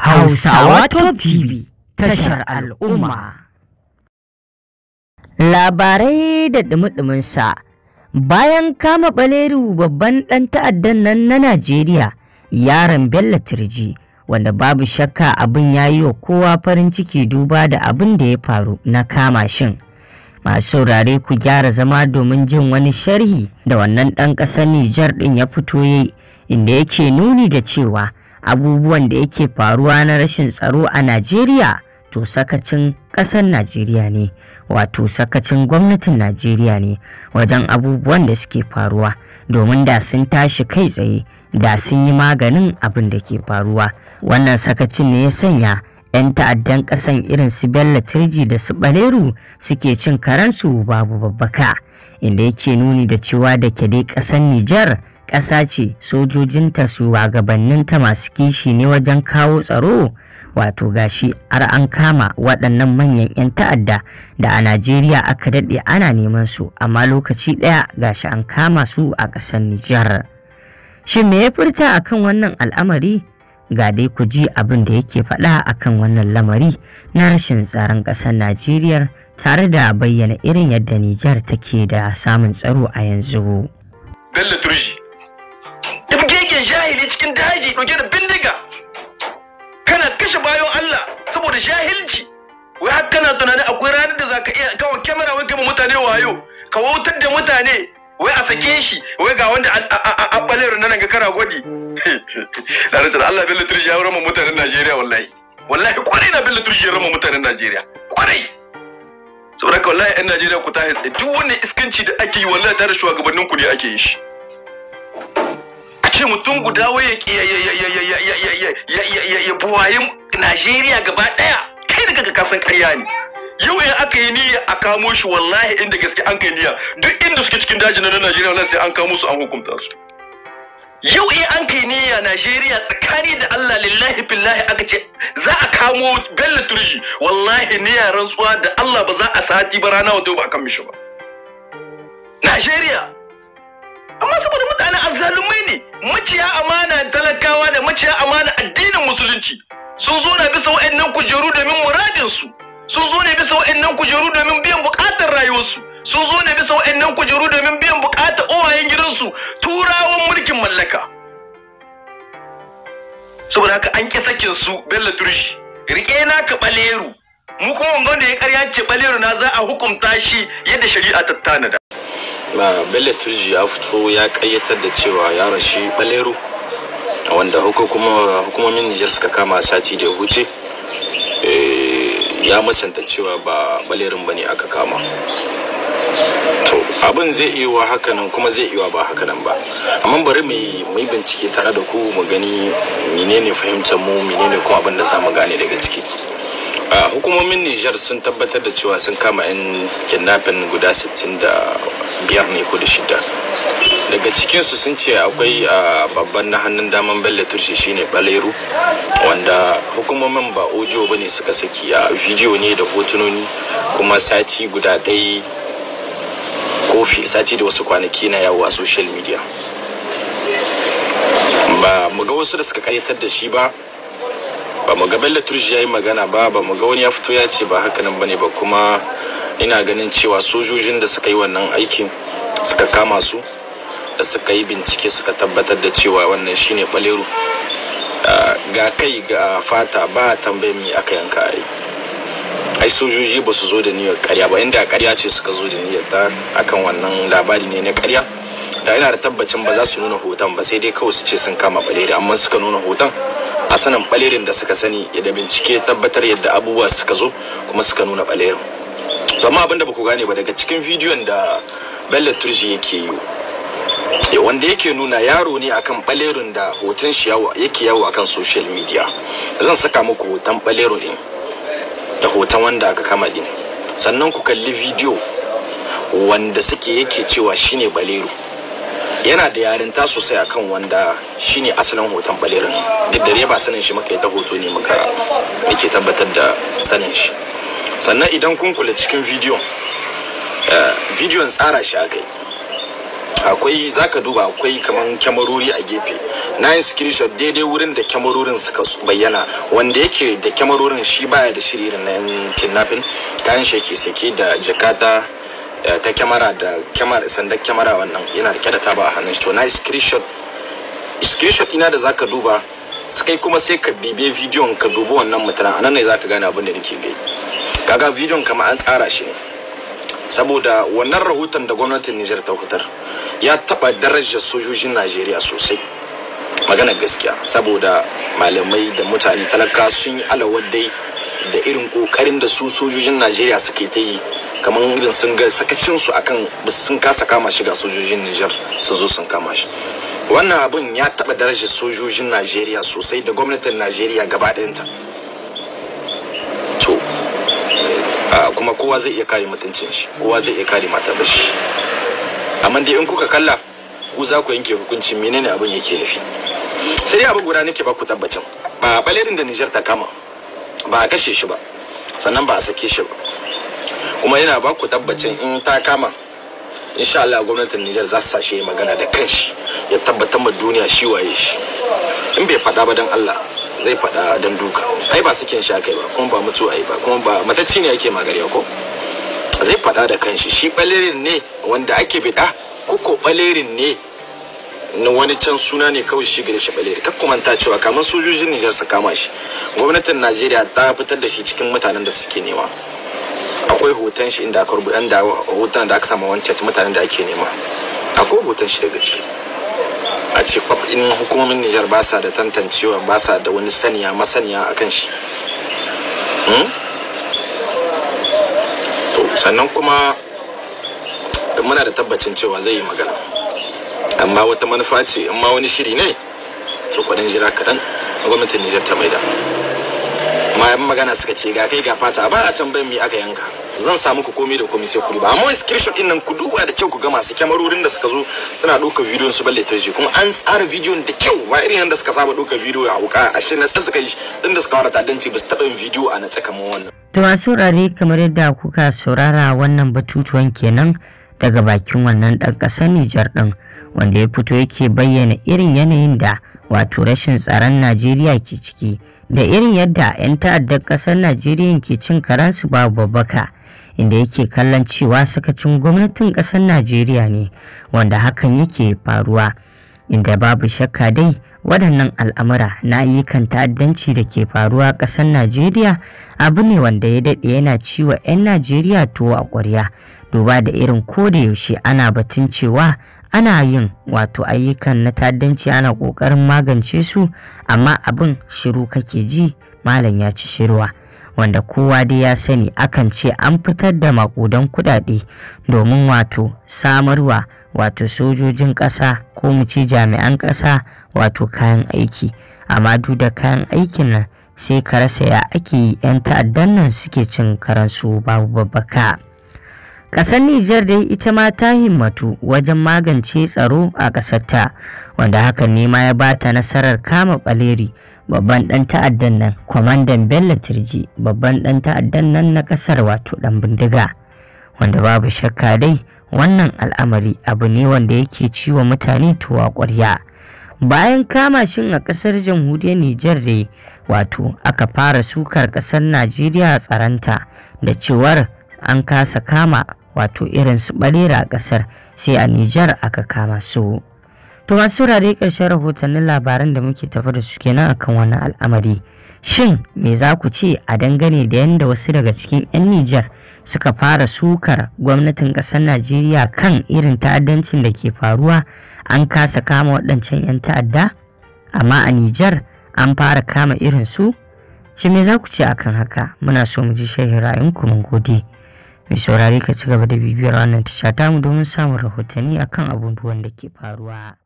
Hausawa Top TV tashar al'umma. Labarai da ɗumi sa bayan kama ɓaleru babban ɗan ta'addan nan na Najeriya yaron Bello Tirji, wanda babu shakka abin ya yi wa kowa farin ciki duba da abin da ya faru na kama shin. Masu saurare ku gyara zama domin jin wani sharhi da wannan ɗan ƙasar Nijar ɗin ya fito yi inda yake nuni da cewa abubuwan da yake faruwa na rashin tsaro a Najeriya to sakacin ƙasar Najeriya ne wato sakacin gwamnatin Najeriya ne wajen abubuwan da suke faruwa domin da sun tashi kai tsaye da sun yi maganin abin da ke faruwa wannan sakacin ne ya sanya 'yan ta'addan ƙasan irin su Bello Turji da su Baleru suke cin karansu babu babbaka inda yake nuni da cewa da ke dai ƙasar Nijar ƙasa ce sojojinta ta masu kishi ne wajen kawo tsaro wato gashi ar an kama waɗannan manyan 'yan ta'adda da a najeriya aka daɗe ana neman su amma lokaci ɗaya gashi an kama su a ƙasar nijar shin me ya furta akan wannan al'amari ga dai ku ji abin da yake faɗa akan wannan lamari na rashin tsaron ƙasar najeriya tare da bayyana irin yadda nijar take da samun tsaro a yanzu. Bello Turji cikin daji ɗauke da bindiga kana kashe bayon Allah saboda jahilci wai har kana tunanin akwai ranar da zaka iya kawo kamera wai gama mutane wayo ka wautar da mutane wai a sake shi wai ga wanda a ɓalar nan ga kara gwadi na rasar Allah bin liturji ya rama mutanen Najeriya wallahi wallahi kwarai na bin liturji ya rama mutanen Najeriya kwarai saboda ka wallahi 'yan Najeriya ku ta hitsa duk wannan iskanci da ake yi wallahi tare shugabannin ku ne ake yi shi ce mutum guda wai ya buwaye Najeriya gaba ɗaya kai daga kanka kasan karya ne yau in aka yi niyya a kamo shi wallahi inda gaske an kai niyya duk inda suke cikin dajin na Najeriya wallahi sai an kamo su an hukunta su yau in an kai niyya Najeriya tsakani da Allah lillahi billahi aka ce za a kamo Bello Turji wallahi niyya rantsuwa da Allah ba za a sati ba rana wato ba kan mishi ba Najeriya amma saboda mutane azzalumai ne maciya amana talakawa da maciya amana addinin musulunci sun zo na bisa wa'annan kujeru domin su sun zo ne bisa wa'annan kujeru domin biyan buƙatar rayuwarsu sun zo ne bisa wa'annan kujeru domin biyan bukatar owayen gidansu turawan mulkin mallaka saboda haka an ƙi sakin su bello turshi Rike na ka baleru mu kuma wanda ya ƙarya ce baleru na za a hukunta shi yadda shari'a ta tanada bello turji ya fito ya kayyatar da cewa ya rashi balero wanda hukumomin nijar suka kama sati da ya wuce eh, ya musanta cewa ba balerin ba ne aka kama to abin zai iya wa hakanan kuma zai iya ba hakanan ba amma bari mu yi bincike tare da ku mu gani menene fahimtar mu menene kuma abin da za mu gane daga ciki hukumomin nijar sun tabbatar da cewa sun kama 'yan kidnapping guda 65 ne ko da shida daga cikinsu sun ce akwai babban na hannun daman bello turshi shine baleru wanda hukumomin ba ojo bane suka saki a ne da hotunoni kuma sati guda ɗaya kofi sati da wasu kwanaki na yawo a social media ba mu ga wasu da suka karyatar da shi ba ba mu ga bello turji ya yi magana ba ba mu ga wani ya fito ya ce ba haka nan bane ba kuma ina ganin cewa sojojin da suka yi wannan aikin suka kama su da suka yi bincike suka tabbatar da cewa wannan shine baleru ah, ga kai ga fata ba tambayar me aka yanka ai ai sojoji ba su zo da niyyar karya ba inda karya ce suka zo da niyyar ta akan wannan labari ne na karya da ina da tabbacin ba za su nuna hoton ba sai dai kawai su ce sun kama balere amma suka nuna hoton a sanin balerin da suka sani da bincike tabbatar yadda abubuwa suka zo kuma suka nuna baleru amma abinda ba ku gane ba daga cikin bidiyon da bello turji yake yi e, wanda yake nuna yaro ne akan balerun da hoton shi yake yawo akan social media zan saka muku hoton balerin din da hoton wanda aka kama din sannan ku kalli bidiyo wanda suke yake cewa shine baleru. yana da yarinta sosai a kan wanda shine asalin hoton balerin duk da ba sanin shi muka yi ta hoto ne muka muke tabbatar da sanin shi sannan idan kun kula cikin bidiyon eh, bidiyon tsara shi aka yi akwai ka duba akwai kamar kyamarori a gefe na yin screenshot daidai wurin da kyamarorin suka bayyana wanda yake da kyamarorin shi baya da shiririn na yan kidnapping kayan shi yake sake da jakata Eh, ta kyamara da kyamara sandar kyamara wannan yana rike da taba a hannun shi to na screenshot screenshot ina da zaka duba sai kuma sai ka bibe bidiyon ka dubi wannan mutanen anan ne zaka gane abin da nake gai kaga bidiyon kamar an tsara shi ne saboda wannan rahoton da gwamnatin Nijar ta hutar ya taba darajar sojojin Najeriya sosai maganar gaskiya saboda malamai da mutane talaka sun yi alawar dai. da irin kokarin da su sojojin najeriya suka ta yi kamar irin sun ga sakacin su akan sun kasa kama shi ga sojojin niger su zo sun kama shi wannan abin ya taba darajar sojojin najeriya sosai da gwamnatin najeriya gaba ɗayanta to kuma kowa zai iya kare mutuncin shi kowa zai iya kare matar shi amma dai in kuka kalla ku za ku yanke hukuncin menene abin yake nufi sai dai abin guda nake ba ku tabbacin ba balerin da niger ta kama ba a kashe shi ba sannan ba a sake shi ba kuma yana ba ku tabbacin in ta kama insha Allah gwamnatin Nijar za su sashe magana da kanshi ya tabbatar ma duniya shi waye shi in bai faɗa ba don Allah zai faɗa don duka ai ba sakin shi akai ba kuma ba mutu ai ba kuma ba matacci ne yake magariya ko zai faɗa da kanshi shi balerin ne wanda ake biɗa kuko balerin ne na wani can suna ne kawai shi gare shi baleri kar manta cewa kamar sojojin Nijar su kama shi gwamnatin Najeriya ta fitar da shi cikin mutanen da suke nema akwai hoton shi inda aka rubuta da hoton da aka samu wancan mutanen da ake nema akwai hoton shi daga ciki a ce in hukumomin Nijar ba sa da tantancewa ba sa da wani saniya masaniya kan shi hmm? sannan kuma muna da tabbacin cewa zai yi magana amma wata manufa ce in ma wani shiri ne to kudin jira kaɗan gwamnatin nijar ta maida amma yan magana suka ce ga kai ga fata ba a can mi aka yanka zan samu ku komai da komai sai ku ba amma screenshot din nan ku duba da kyau ku ga masu kyamarorin da suka zo suna ɗaukar bidiyon su balle tarji kuma an tsara bidiyon da kyau ba irin yadda suka saba ɗaukar bidiyo a wuka a shi sai suka yi din da suka fara tadanci ba su taɓa yin bidiyo a na tsakamin wannan. da masu rare kamar yadda kuka saurara wannan batutuwan kenan daga bakin wannan ɗan ƙasar Nijar ɗin wanda ya fito yake bayyana irin yanayin da wato rashin tsaron Najeriya ke ciki da irin yadda 'yan ta'addar ƙasar Najeriya ke cin karansu babu babbaka inda yake kallon cewa suka cin gwamnatin ƙasar Najeriya ne wanda hakan yake faruwa inda babu shakka dai waɗannan al'amura na ayyukan ta'addanci da ke faruwa ƙasar Najeriya abu ne wanda ya daɗe yana ciwa 'yan Najeriya tuwo a ƙwarya duba da irin ko da yaushe ana batun cewa ana yin wato ayyukan na ta'addanci ana ƙoƙarin magance su amma abin shiru kake ji malam ya ci shirwa wanda kowa dai ya sani akan ce an fitar da makudan kudade domin wato samarwa wato sojojin ƙasa ko mu ce jami'an ƙasa wato kayan aiki amma duk da kayan aikin nan sai ka rasa ya ake yi 'yan ta'addan nan suke cin karansu babu babbaka. Ƙasar Nijar dai ita ma ta himmatu wajen magance tsaro a ƙasarta, wanda hakan ne ma ya ba ta nasarar kama ɓaleri babban ɗan ta'addan nan, kwamandan Bello Turji babban ɗan ta'addan nan na ƙasar wato ɗan bindiga. Wanda babu shakka dai wannan al'amari abu ne wanda yake ciwo mutane tuwa ƙwarya. Bayan kama shin a ƙasar jamhuriyar Nijar dai wato aka fara sukar ƙasar Najeriya tsaranta da cewar an kasa kama wato irin su ɓalera a ƙasar sai a Nijar aka kama su. To masu saurare ƙarshen rahotannin labaran da muke tafa da su kenan akan wani al'amari. Shin me za ku ce a dangane da yadda wasu daga cikin 'yan Nijar suka fara sukar gwamnatin ƙasar Najeriya kan irin ta'addancin da ke faruwa an kasa kama waɗancan 'yan ta'adda? Amma a Nijar an fara kama irin su? Shin me za ku ce akan haka? Muna so mu ji shahin ra'ayinku mun gode. mai saurari ka ci gaba da bibiyar wannan tasha tamu domin samun rahotanni akan abubuwan da ke faruwa